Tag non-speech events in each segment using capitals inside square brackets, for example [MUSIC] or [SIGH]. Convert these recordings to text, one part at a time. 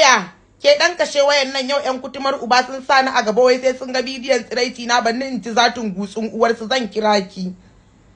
ya, ke ɗan kashe wayan nan yau yan kutumar uba sun sani a gaba wai sai sun ga bidiyon tsiraici na banni in ci zatun gutsun uwarsu zan kira ki.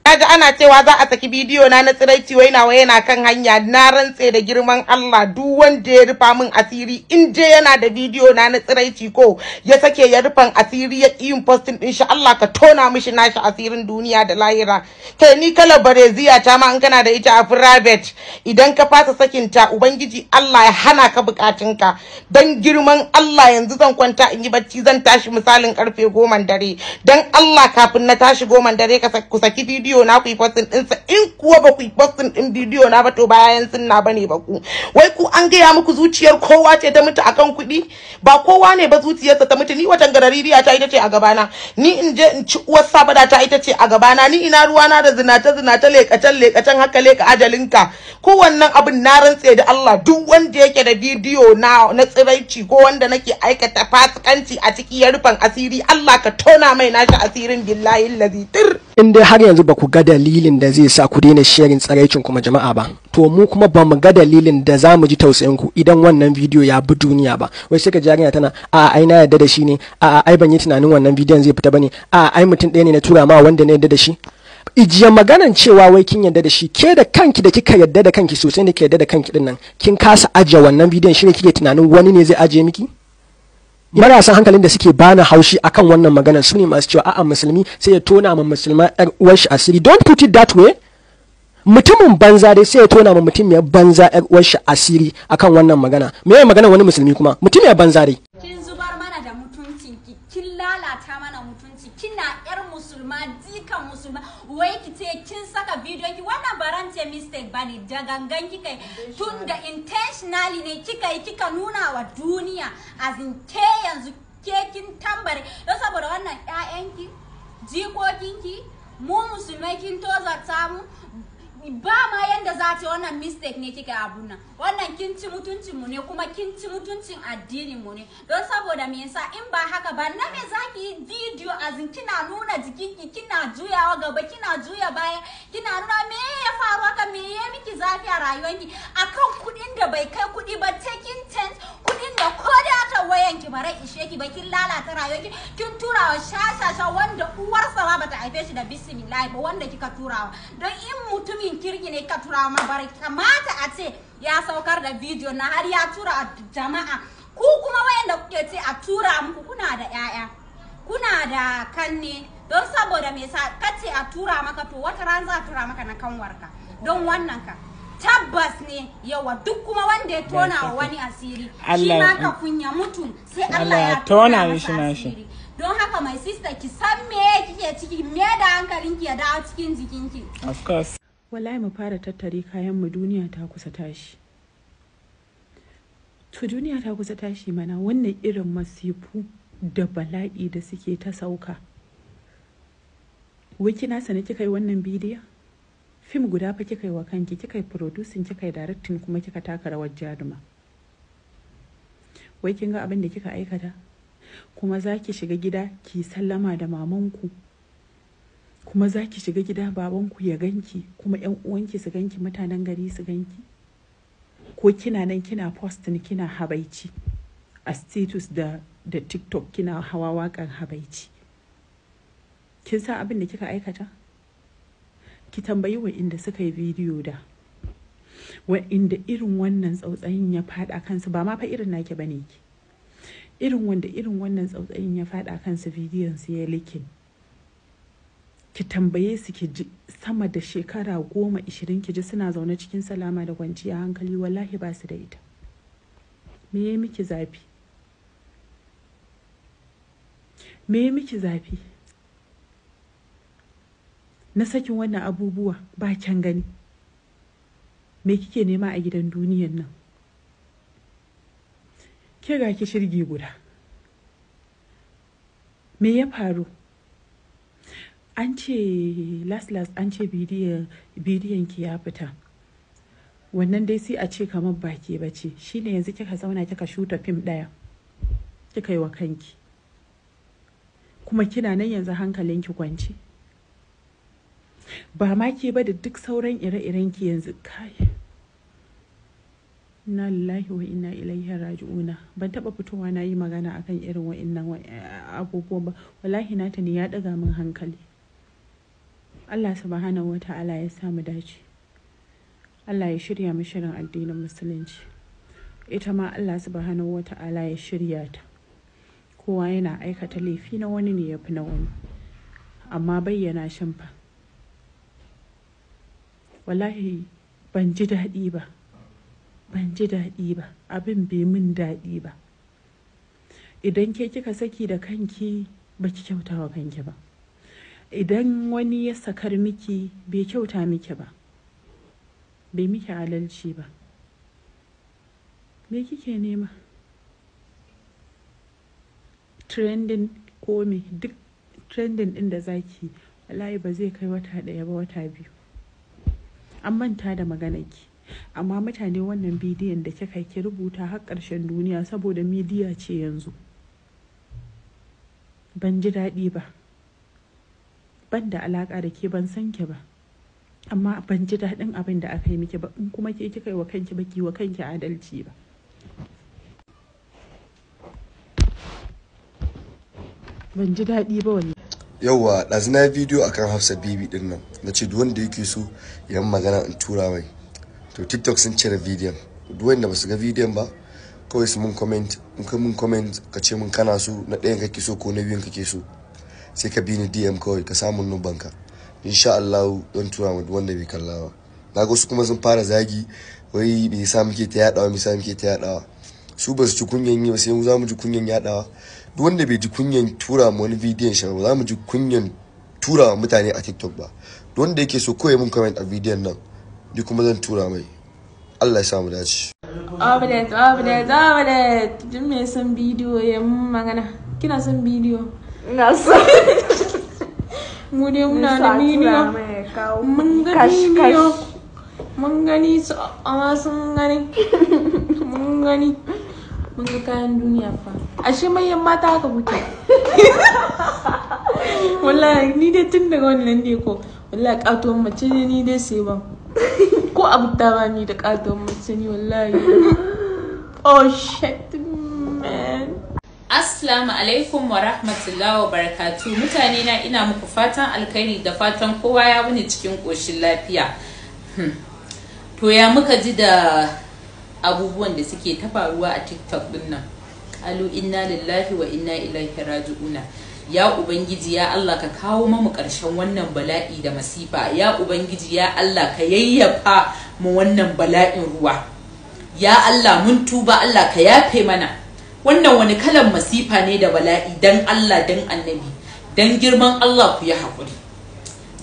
kaji ana cewa za a saki bidiyo na na tsiraici wai nawa yana kan hanya na rantse da girman Allah duk wanda ya rufa min asiri in je yana da bidiyo na na tsiraici ko ya sake ya rufan asiri ya yin posting din shi Allah ka tona mishi nashi asirin duniya da lahira kai ni kala bareziya ta ma in kana da ita a private idan ka fasa sakin ta ubangiji Allah ya hana ka bukatun ka dan girman Allah yanzu zan kwanta in yi bacci zan tashi misalin karfe goma dare dan Allah kafin na tashi goman dare ka saki bidiyo bidiyo na ku yi postin ɗinsa in kuwa ba ku yi postin ɗin bidiyo na ba to bayan sun na bane ba ku wai ku an gaya muku zuciyar kowa ce ta mutu akan kuɗi ba kowa ne ba zuciyarsa ta mutu ni watan garaririya ta ita ce a gabana ni in je in ci uwar sabada ta ita ce a gabana ni ina ruwa na da zinata zinata lekacen lekacen haka leka ajalinka kowannan abin na rantse da Allah duk wanda yake da bidiyo na na tsiraici ko wanda nake aikata fasikanci a ciki ya rufan asiri Allah ka tona mai nashi asirin billahi lazitir in dai har yanzu ba ku ga dalilin da zai sa ku daina sharing tsaraicin kuma jama'a ba to mu kuma ba mu ga dalilin da za mu ji tausayin ku idan wannan bidiyo ya bi duniya ba wai sai ka jarinya tana a ai na yadda da shi ne a ai ban yi tunanin wannan bidiyon zai fita bane a ai mutum ɗaya ne na tura ma wanda na yadda da shi ijiya maganan cewa wai kin yadda da shi ke da kanki da kika yadda da kanki sosai ne ke yadda da kanki din nan kin kasa ajiya wannan bidiyon shine kike tunanin wani ne zai ajiye miki marasan hankalin da suke bana haushi akan wannan maganar su ne masu cewa a'a musulmi sai ya tona ma musulma yar uwar shi asiri don't put it that way mutumin banza dai sai ya tona ma mutum ya banza yar uwar shi asiri akan wannan magana me ya magana wani musulmi kuma mutum ya banza dai kin zubar mana da mutuncin ki kin lalata mana mutunci kina yar musulma dikan musulma wai ki ce kin saka bidiyon ki wannan barance mistake bane da gangan kika tun da intentionally ne kika yi kika nuna wa duniya azin ke yanzu ke kin tambare don saboda wannan 'ya'yanki, jikokinki mu musulmai kin tozarta mu ba ma yanda za ce wannan mistake ne kika abun nan wannan kin ci mutuncin mu ne kuma kin ci mutuncin addinin mu ne don saboda me yasa in ba haka ba na me zaki yi video azin kina nuna ki kina juyawa gaba kina juya baya kina nuna me ya faru haka me ya miki zafi a ki akan kudin da bai kai kudi ba taking tent kudin da ko da ta ki bare ishe ki ba kin lalata ki kin tura wa shashasha wanda sa ba bata haife shi da bismillah ba wanda kika turawa don in mutumi cikin kirgi ne ka tura ma bari kamata a ce ya saukar da bidiyo na har ya tura jama'a ku kuma wayanda kuke ce a tura muku kuna da 'ya'ya kuna da kanne don saboda me sa kace a tura maka to wata ran za tura maka na kanwarka don wannan ka tabbas ne yawa duk kuma wanda ya tona wa wani asiri shi ma ka kunya mutum sai Allah ya tona na shi don haka mai sister ki san me kike ciki me da hankalinki ya dawo cikin jikinki of course wallahi mu fara tattare kayanmu duniya ta kusa tashi to duniya ta kusa tashi mana wannan irin masifu da bala'i da suke ta sauka wai kina sani kika yi wannan bidiyon fim guda fa kika yi wa kanki kika yi producing kika yi directing kuma kika taka rawar jaruma wai kin ga abin da kika aikata kuma za ki shiga gida ki sallama da mamanku kuma za ki shiga gida babanku ya ganki kuma yan uwanki su ganki mutanen gari su ganki ko kina nan kina postin kina habaici a status da da tiktok kina hawa wakan habaici kin san abin da kika aikata ki tambayi wa inda suka yi bidiyo da wa inda irin wannan tsautsayin ya fada kansu ba ma fa irin naki bane ki irin wanda irin wannan tsautsayin ya fada kansu bidiyon su ya likin ki tambaye su ki ji sama da shekara goma ishirin ki ji suna zaune cikin salama da kwanciya hankali wallahi ba su da ita me ya miki zafi me miki zafi na sakin wannan abubuwa ba kyan gani me kike nema a gidan duniyan nan ke ga ki shirgi guda me ya faru an ce las las an ce bidiyon ki ya fita wannan dai sai a ce kamar baki bace shine yanzu kika zauna kika shuta fim daya kika yi wa kanki kuma kina nan yanzu hankalinki kwance ba ma ke ba da duk sauran ire-iren ki yanzu kai na lillahi wa inna ilaihi raji'una ban taba fitowa na yi magana akan irin wa'annan eh, abubuwa ba wallahi na ta ne ya daga min hankali Allah subhanahu wata'ala ya samu dace Allah ya shirya mu shirin addinin musulunci ita ma Allah subhanahu wata'ala ya shirya ta kowa yana aikata laifi na wani ne ya fi na wani amma bayyana shimfa fa wallahi ban ji daɗi ba ban ji daɗi ba abin bai min daɗi ba idan ke kika saki da kanki baki kyauta wa kanki ba idan wani ya sakar miki bai kyauta miki ba bai miki alalci ba me kike nema trending ko duk trending din da zaki wallahi ba zai kai wata ɗaya ba wata biyu an manta da ki, amma mutane wannan bidiyon da kika ki rubuta har ƙarshen duniya saboda midiya ce yanzu ban ji daɗi ba ban da alaƙa da ke ban san ki ba amma ban ji daɗin abin da aka yi miki ba in kuma ke kika yi wa kanki ba ki wa kanki adalci ba ban ji daɗi ba wani yauwa ɗazu na bidiyo akan hafsa bibi ɗin nan na ce duk wanda yake so yan magana in tura mai to tiktok sun cire bidiyon duk wanda ba su ga bidiyon ba kawai su mun comment in kai mun comment ka ce mun kana so na ɗayan kake so ko na biyun kake so sai ka bi ni dm kawai ka samu nubanka insha Allah don tura mu wanda bai kallawa na ga su kuma sun fara zagi wai bai sa muke ta yadawa bai sa muke ta yadawa su ba su ji kunyan yi ba sai mu za mu ji kunyan yadawa duk wanda bai ji kunyan tura mu wani bidiyon shi ba za mu ji kunyan tura wa mutane a TikTok ba duk wanda yake so kawai mun comment a bidiyon nan ni kuma zan tura mai Allah ya samu dace Oblet, oblet, oblet. Duk mai san bidiyo ya mun magana. Kina son bidiyo? ina so [LAUGHS] mu dai muna da miliyo mun ga miliyo mun gani su amma sun gani [LAUGHS] mun gani mun ga kayan duniya fa ashe manyan mata haka kuke [LAUGHS] Wala, ni dai tun daga wannan dai ko Wala, kato mace ne ni dai sai ba. ko abu ta ba ni da kato mace ni wallahi oh shit man Assalamu alaikum wa rahmatullahi wa barakatu mutane na ina muku fatan alkhairi da fatan kowa ya wuni cikin ƙoshin lafiya. Hmm. To ya muka ji da abubuwan da suke ta faruwa a TikTok din nan. Alu inna lillahi wa inna ilaihi raji'una. Ya Ubangiji ya Allah ka kawo mamu ƙarshen wannan bala'i da masifa. Ya Ubangiji ya Allah ka yayyafa mu wannan bala'in ruwa. Ya Allah mun tuba Allah ka yafe mana. wannan wani kalan masifa ne da bala'i dan Allah dan annabi dan girman Allah ku yi haƙuri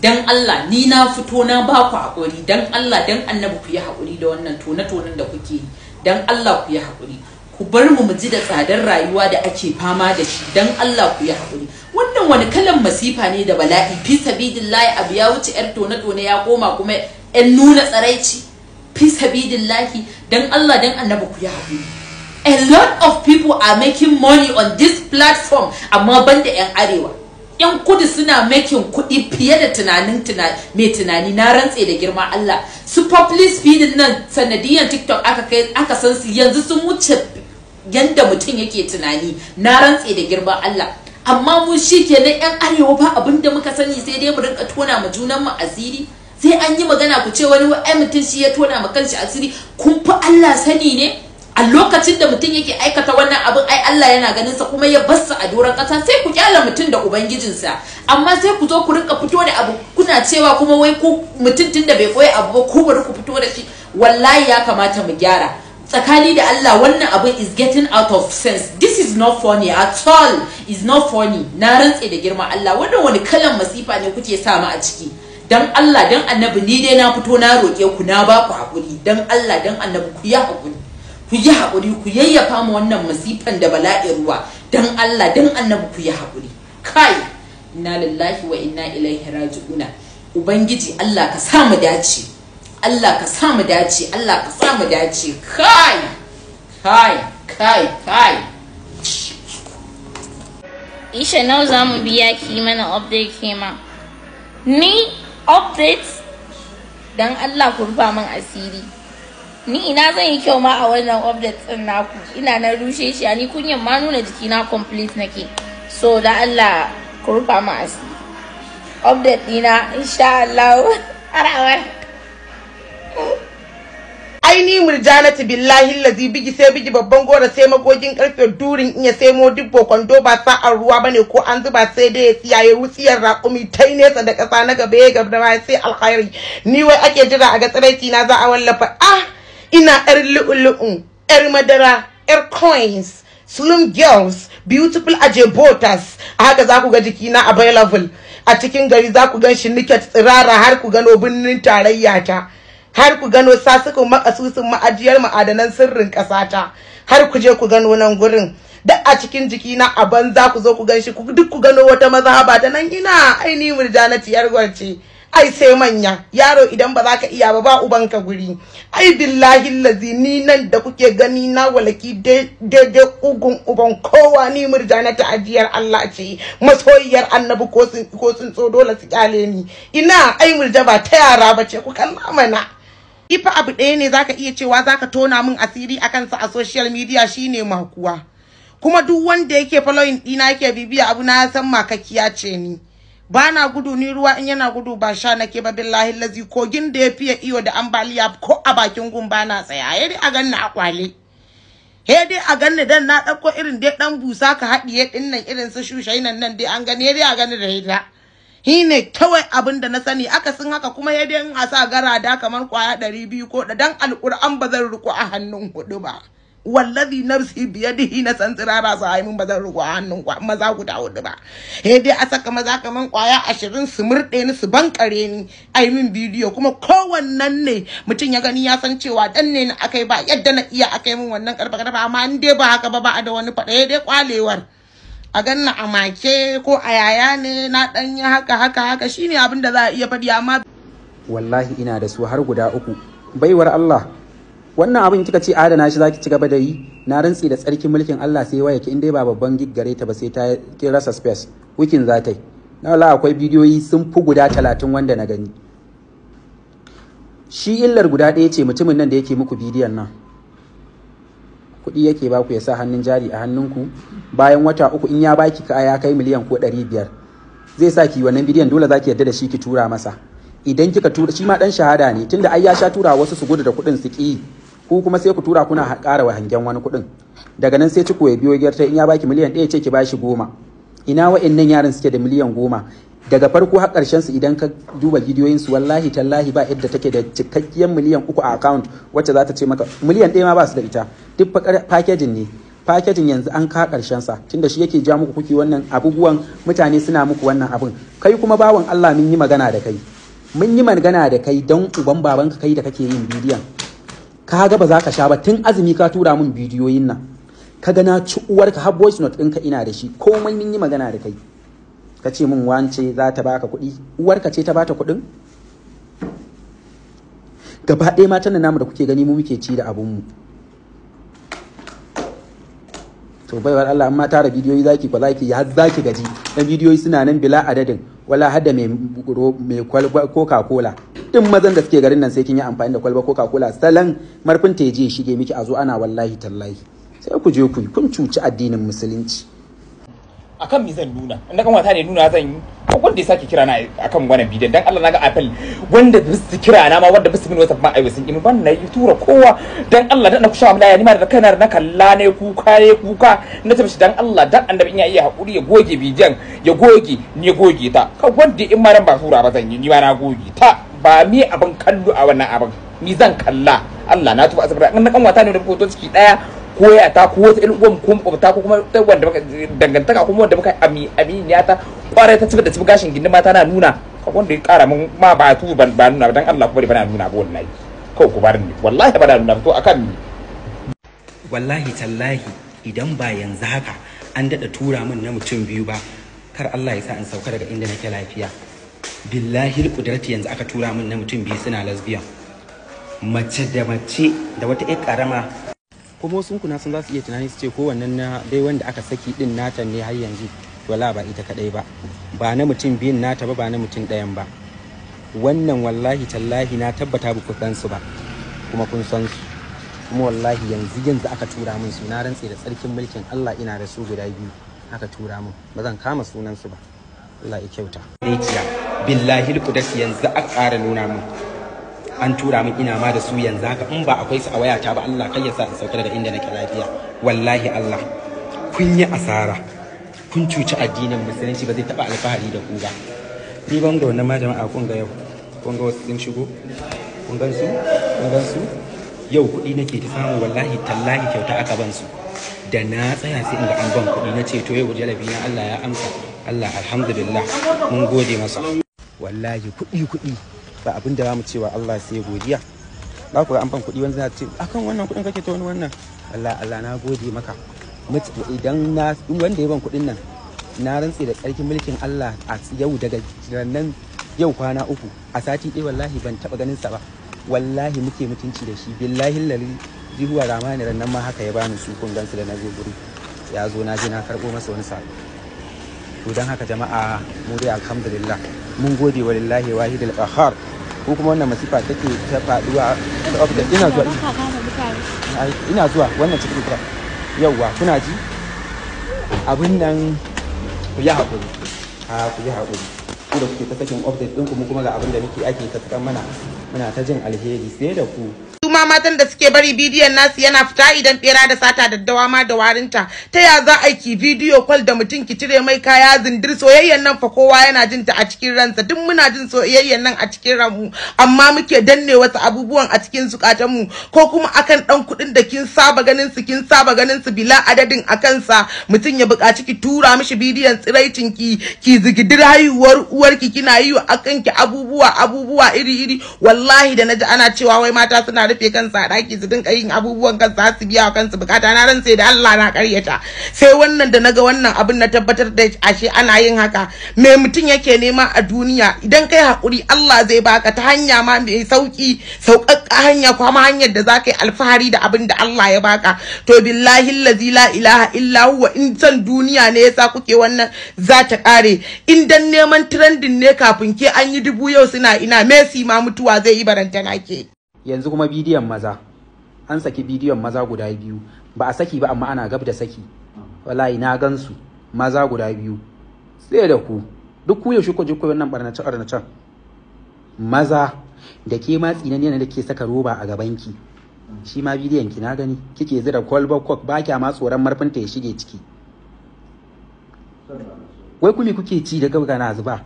dan Allah ni na fito na ba ku haƙuri dan Allah dan annabi ku yi haƙuri da wannan tone-tonen da kuke yi dan Allah ku yi haƙuri ku bar mu mu ji da tsadar rayuwa da ake fama da shi dan Allah ku yi haƙuri wannan wani kalan masifa ne da bala'i fi sabidillahi abu ya wuce yar tone-tone ya koma kuma yan nuna tsaraici fi sabidillahi dan Allah dan annabi ku yi haƙuri a lot of people are making money on this platform amma banda yan arewa yan kudu suna making kudi fiye da tunanin mai tunani na rantse da girma Allah su public feeding nan sanadiyan TikTok aka kai aka san su yanzu sun wuce yanda mutum yake tunani na rantse da girma Allah amma mu shikenan yan arewa ba da muka sani sai dai mu rinka tona mu junan mu asiri sai an yi magana ku ce wani wa'ai mutum shi ya tona ma kanshi asiri kun fi Allah sani ne a lokacin da mutum yake aikata wannan abin ai Allah yana ganin sa kuma ya bassa a doron kasa sai ku kyala mutum da ubangijinsa amma sai ku zo ku rinka fito da abu kuna cewa kuma wai ku mutum tunda bai koyi abu ba ku bari ku fito da shi wallahi ya kamata mu gyara tsakani da Allah wannan abin is getting out of sense this is not funny at all is not funny na rantse da girma Allah wannan wani kalan masifa ne kuke sa mu a ciki dan Allah dan annabi ni dai na fito na roke ku na ba ku haƙuri dan Allah dan annabi ku yi haƙuri ku yi haƙuri ku yayyafa mu wannan masifan da bala'in ruwa dan Allah dan annabi ku yi haƙuri kai inna lillahi wa inna ilaihi raji'una ubangiji Allah ka sa mu dace Allah ka sa mu dace Allah ka sa mu dace kai kai kai kai Isha nau za mu biya ki mana update kema ni update dan Allah ku rufa min asiri ni ina zan yi kyau ma a wannan update din naku ina na rushe shi a ni kunyan ma nuna jikina complete nake so da Allah ku rufa ma asiri update dina insha Allah [LAUGHS] arawa aini murjanatu billahi lazi bigi sai bigi babban gora sai magogin karfe durin iya sai mo dubbo kwando ba sa'ar ruwa bane ko an zuba sai dai tsiyaye wutsiyar raƙumi ta nesa da ƙasa na gaba ya gaba sai alkhairi ni wai ake jira a ga tsiraici na za a wallafa ah ina yar er lu'ulu'un yar er madara yar er coins slim girls beautiful ajebotas a haka za ku ga jikina available a cikin gari za ku gan shi niket tsirara har ku gano birnin tarayya ta har ku gano sasukun makasusun ma'ajiyar ma'adanan sirrin ƙasata har ku je ku gano nan gurin duk a cikin jikina a banza ku zo ku gan shi duk ku gano wata mazhaba ta nan ina aini murjana yar gwarce ai sai manya yaro idan ba za ka iya ba ba ubanka guri ai billahi lazi ni nan da kuke gani na walaki daidai ugun uban kowa ni murja na ta'ajiyar Allah ce masoyiyar annabi ko sun tsuntso dole su kyale ni ina ai murja ba ta yara ba ce ku kalla mana ifa abu ɗaya ne zaka iya cewa zaka tona min asiri a kansa a social media shine makuwa kuma duk wanda yake following ɗina yake bibiya abu na san makakiya ce ni ba na gudu ni ruwa in yana gudu ba sha nake ba billahi lazi kogin da ya fiye iyo da ambaliya ko a bakin gun ba na tsaya ya dai a ganni a kwale he dai a ganni dan na dauko irin dai dan busa ka haɗiye din nan irin su shushainan nan dai an gani ya dai a ganni da ita Hi ne kawai abin da na sani aka akasin haka kuma ya dai in a sa garada kamar kwaya ɗari biyu ko da dan alquran ba zan riko a hannun huɗu ba. wallazi nafsi biyadihi na san tsirara su haimin ba zan ruwa hannun maza guda hudu ba he dai a saka maza kaman kwaya ashirin su murɗe ni su bankare ni ai min bidiyo kuma kowannen ne mutum ya gani ya san cewa dan ne na akai ba yadda na iya akai min wannan karfa karfa amma in dai ba haka ba ba a da wani faɗa he dai kwalewar a ganna a make ko a yaya ne na dan yi haka haka haka shine abin da za a iya faɗi amma wallahi ina da su har guda uku baiwar Allah wannan abin kika ce adana shi zaki ci gaba da yi na rantsi da tsarkin mulkin Allah sai waya ki in dai ba babban gig gare ta ba sai ta kira rasa space wikin za ta yi na wala akwai bidiyoyi sun fi guda talatin wanda na gani shi illar guda ɗaya ce mutumin nan da yake muku bidiyon nan kuɗi yake ku ya sa hannun jari a hannun ku bayan wata uku in ya baki ya kai miliyan ko ɗari biyar zai sa ki wannan bidiyon dole za ki yarda da shi ki tura masa idan kika tura shi ma dan shahada ne tunda ai ya sha tura wasu su gudu da kuɗin su ƙi ku kuma sai ku tura kuna ƙara hangen wani kuɗin daga nan sai ku ya biyo gyarta in ya baki miliyan ɗaya ce ki bashi goma ina wa'annan yaran suke da miliyan goma daga farko har ƙarshen su idan ka duba bidiyoyin su wallahi tallahi ba yadda take da cikakkiyar miliyan uku a account wacce za ta ce maka miliyan ɗaya ma ba su da ita duk packaging ne fakejin yanzu an ka ƙarshen sa tunda shi yake ja muku kuki wannan abubuwan mutane suna muku wannan abun. kai kuma bawan Allah mun yi magana da kai mun yi magana da kai don uban babanka kai da kake yin bidiyon ka ga ba za ka sha ba tun azumi ka tura min bidiyoyin nan ka ga na ci uwarka har voice note ɗinka ina da shi komai mun yi magana da kai ka ce min wance za ta baka kuɗi uwarka ce ta bata kuɗin gaba ɗaya matan nan namu da kuke gani mu muke ci da abunmu to baiwar Allah amma tara bidiyoyi zaki ba zaki ya zaki gaji dan bidiyoyi suna nan bila adadin wala hada mai ko kola. din mazan da suke garin nan sai kin yi amfani da kwalba coca cola salan marfin ta je shige miki a zo ana wallahi tallahi sai ku je ku kun cuci addinin musulunci akan me zan nuna inda kan wata ne nuna zan yi ko wanda ya sake kira na akan wannan bidiyon dan Allah naga apple wanda ba su kira na ma wanda ba su min wasa ba ai sun yi ban na yi tura kowa dan Allah dan ku sha mulaya ni ma da kaina na kalla ne kuka ne kuka na tafi dan Allah dan annabi in ya iya hakuri ya goge bidiyon ya goge ni goge ta kan wanda in ma ran ba tura ba zan yi ni ma na goge ta ba mi abin kallo a wannan abin mi zan kalla Allah na tuba asibira in na kanwata ne da hoton ciki daya ko ya ta ko wata irin uwan kun ta ko kuma wanda baka dangantaka kuma wanda muka ami aminiya ta kwarai ta cika da cibi gashin gindin mata na nuna wanda ya kara min ma ba tu ban ba nuna dan Allah bari bana nuna ba wallahi ko ku bar ni wallahi bana nuna to akan ni wallahi tallahi idan ba yanzu haka an dada tura min na mutum biyu ba kar Allah ya sa in sauka daga inda nake lafiya billahi kudrati yanzu aka tura min na mutum biyu suna lesbian mace da mace da wata ƴar karama kuma wasu kuna sun za su iya tunani su ce ko wannan na dai wanda aka saki din nata ne har yanzu wala ba ita kadai ba ba na mutum biyun nata ba ba na mutum ɗayan ba wannan wallahi tallahi na tabbata ba ku san su ba kuma kun san su kuma wallahi yanzu yanzu aka tura min su na rantse da tsarkin mulkin Allah ina da su guda biyu aka tura min ba zan kama sunan su ba Allah ya kyauta billahi alqudas yanzu a ƙara nuna min an tura min ina ma da su yanzu haka in ba akwai su a wayata ba Allah kai ya sa su sauka daga inda nake lafiya wallahi Allah kun yi asara kun cuci addinin musulunci ba zai taba alfahari da ku ba ni ban ga wannan ma jama'a kun ga yau kun ga wasu sun shigo kun gan su kun gan su yau kuɗi nake ta samu wallahi tallahi kyauta aka ban su da na tsaya sai in ga an ban kuɗi na ce to yau jalabi na Allah ya amsa Allah alhamdulillah mun gode masa wallahi kuɗi kuɗi ba abin da za mu cewa Allah sai godiya za ku ga an ban kuɗi wanda za ce akan wannan kuɗin kake ta wani wannan Allah Allah na gode maka idan na wanda ya ban kuɗin nan na rantse da tsarkin mulkin Allah a yau daga nan yau kwana uku a sati ɗaya wallahi ban taɓa ganin sa ba wallahi muke mutunci da shi billahi lalli jihuwa ramani ran nan ma haka ya bani su kun gansu da na zo guri ya zo na je na karɓo masa wani sako to don haka jama'a mu dai alhamdulillah mun gode wa lillahi wa hidil qahhar ko kuma wannan masifa take ta faduwa ina zuwa ina zuwa wannan cikin kira yauwa kuna ji abin nan ku yi haƙuri ha ku yi haƙuri ku da kuke ta sakin update ɗin mu kuma ga abin da muke ake ta mana muna ta jin alheri sai da ku kuma matan da suke bari bidiyon nasu yana fita idan bera da sata daddawa ma da warinta ta ya za a ki bidiyo kwal da mutum ki cire mai kaya zindir soyayyan nan fa kowa yana jin ta a cikin ransa duk muna jin soyayyan nan a cikin ranmu amma muke danne wasu abubuwan a cikin mu. ko kuma akan dan kuɗin da kin saba ganin su kin saba ganin su bila adadin a kansa mutum ya buƙaci ki tura mishi bidiyon tsiraicin ki ki zigidir haihuwar ki kina yi wa akan ki abubuwa abubuwa iri iri wallahi da naji ana cewa wai mata suna rufe rufe kansa a daki su dinka yin abubuwan kansa su biya kansu bukata na sai da Allah na karyata sai wannan da naga wannan abin na tabbatar da ashe ana yin haka me mutum yake nema a duniya idan kai hakuri Allah zai baka ta hanya ma mai sauki sauƙaƙƙa hanya kuma hanyar da za ka yi alfahari da abin da Allah ya baka to billahi allazi la ilaha illa huwa in san duniya ne yasa kuke wannan za ta kare in dan neman trending ne kafin ke an yi dubu yau suna ina Messi ma mutuwa zai yi barantana ke yanzu kuma bidiyon maza an saki bidiyon maza guda biyu ba a saki ba amma ana gab da saki wallahi na gansu maza guda biyu sai da ku duk ku yaushe ku ji ku wannan barnace maza da ke ma tsinan da ke saka roba a ki shi ma bidiyon ki na gani kike zira kwalba kok? ba kya ma tsoron marfinta ya shige ciki wai kuma kuke ci da gabga na zuba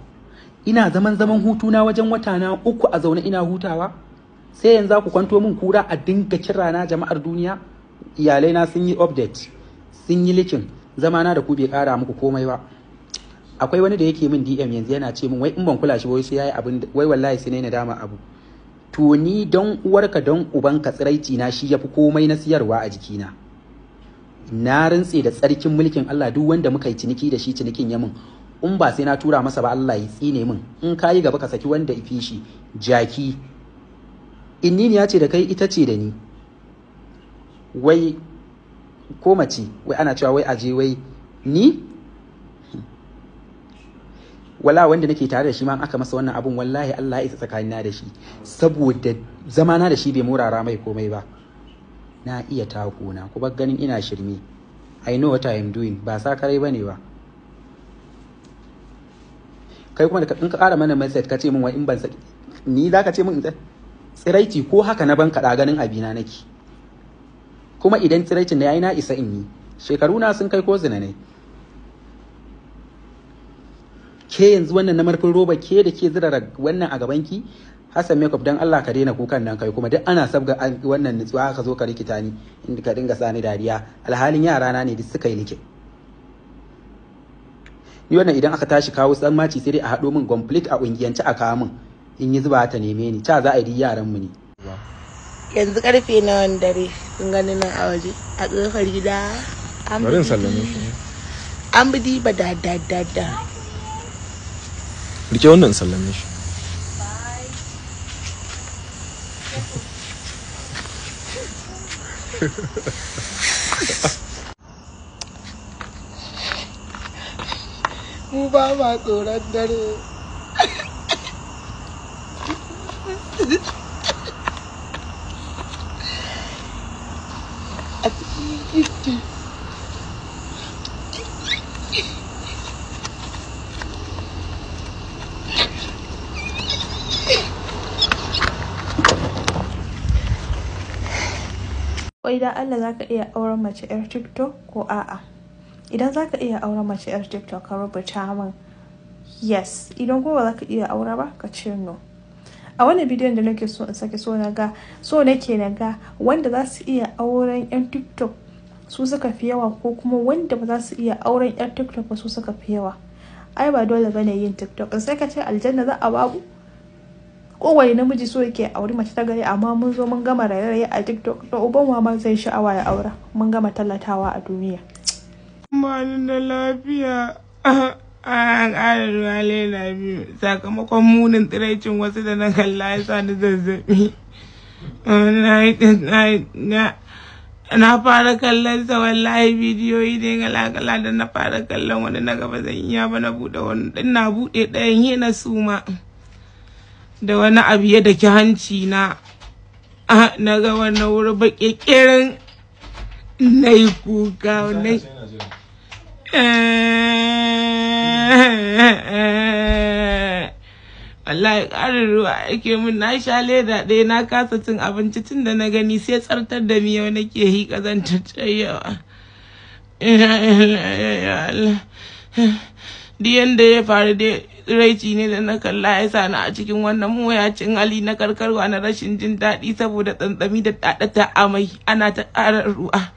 ina zaman zaman hutu na wajen wata na uku a zaune ina hutawa sai yanzu ku kwanto min kura a dinga kira na jama'ar duniya iyalai na sun yi update sun yi likin zama na da ku bai kara muku komai ba akwai wani da yake min DM yanzu yana ce min wai in ban kula shi wai sai yayi abin wai wallahi sai na dama abu to ni don uwarka don ubanka tsiraici na shi yafi komai na siyarwa a jikina na rintse da tsarkin mulkin Allah duk wanda muka yi ciniki da shi cinikin ya min in ba sai na tura masa ba Allah ya tsine min in ka gaba ka saki wanda ifi shi jaki inni ya ce da kai ita ce da ni wai ko mace wai ana cewa wai aje wai ni wala wanda nake tare da shi ma aka masa wannan abun wallahi Allah ya isa tsakanina da shi saboda zamana da shi bai murara mai komai ba na iya takuna ku bar ganin ina shirme I know what I am doing ba sa karai bane ba kai kuma da ka ƙara mana mindset ka ce min wa in ban saki ni za ka ce min in tsiraici ko haka na ban kaɗa ganin abina nake kuma idan tsiraicin ya yayi na isa in yi shekaru na sun kai ko zina ne. ke yanzu wannan na marfin roba ke da ke zirara wannan a gabanki Hassan makeup dan Allah ka daina kukan nan kai kuma duk ana sabga wannan nutsuwa ka zo ka rikita ni inda ka dinga sani dariya alhalin yara na ne duk suka yi like ni wannan idan aka tashi kawo tsammaci sai dai a haɗo min complete a ƙungiyance a kawo min in yi zuba ta neme ni ca za a yi yaran mu ne yanzu karfe na dare sun gani nan a waje a tsofar gida an sallame shi an bi diba da da da da rike wannan sallame shi mu ba ma tsoron dare idan Allah za ka iya auren mace 'yar tiktok ko a'a idan za ka iya auren mace 'yar tiktok ka rubuta min yes idan kuma za ka iya aura ba ka ce no a wani bidiyon da nake so in sake so na ga so nake na ga wanda za su iya auren 'yan tiktok su suka fi yawa ko kuma wanda ba za su iya auren 'yan tiktok ba su suka fi yawa ai ba dole ne yin tiktok in sai ka ce aljanna za a babu kowane namiji so yake auri mace ta gari amma mun zo mun gama raye-raye a tiktok to uban wa ma zai sha'awa ya aura mun gama tallatawa a duniya mani da lafiya [LAUGHS] an ƙara ruwa lena biyu sakamakon munin tsiraicin wasu da na kalla ya sa ni zazzabi [LAUGHS] na fara kallon sa wallahi bidiyoyi ne alakala da na fara kallon wani na gaba zan iya ba na buɗe wani ɗin na buɗe ɗayan yi na suma. da wani abu ya daki hanci na na ga wani wuri baƙeƙerin na yi kuka wannan wallahi ƙarin ruwa ake min na sha leda ɗaya na kasa cin abinci tun da na gani sai tsartar da miyau nake yi ƙazantar yawa diyan da ya faru dai tsiraici ne da na kalla ya sa na a cikin wannan muyacin hali na karkarwa na rashin jin daɗi saboda tsantsami da ta amai ana ta ƙara ruwa.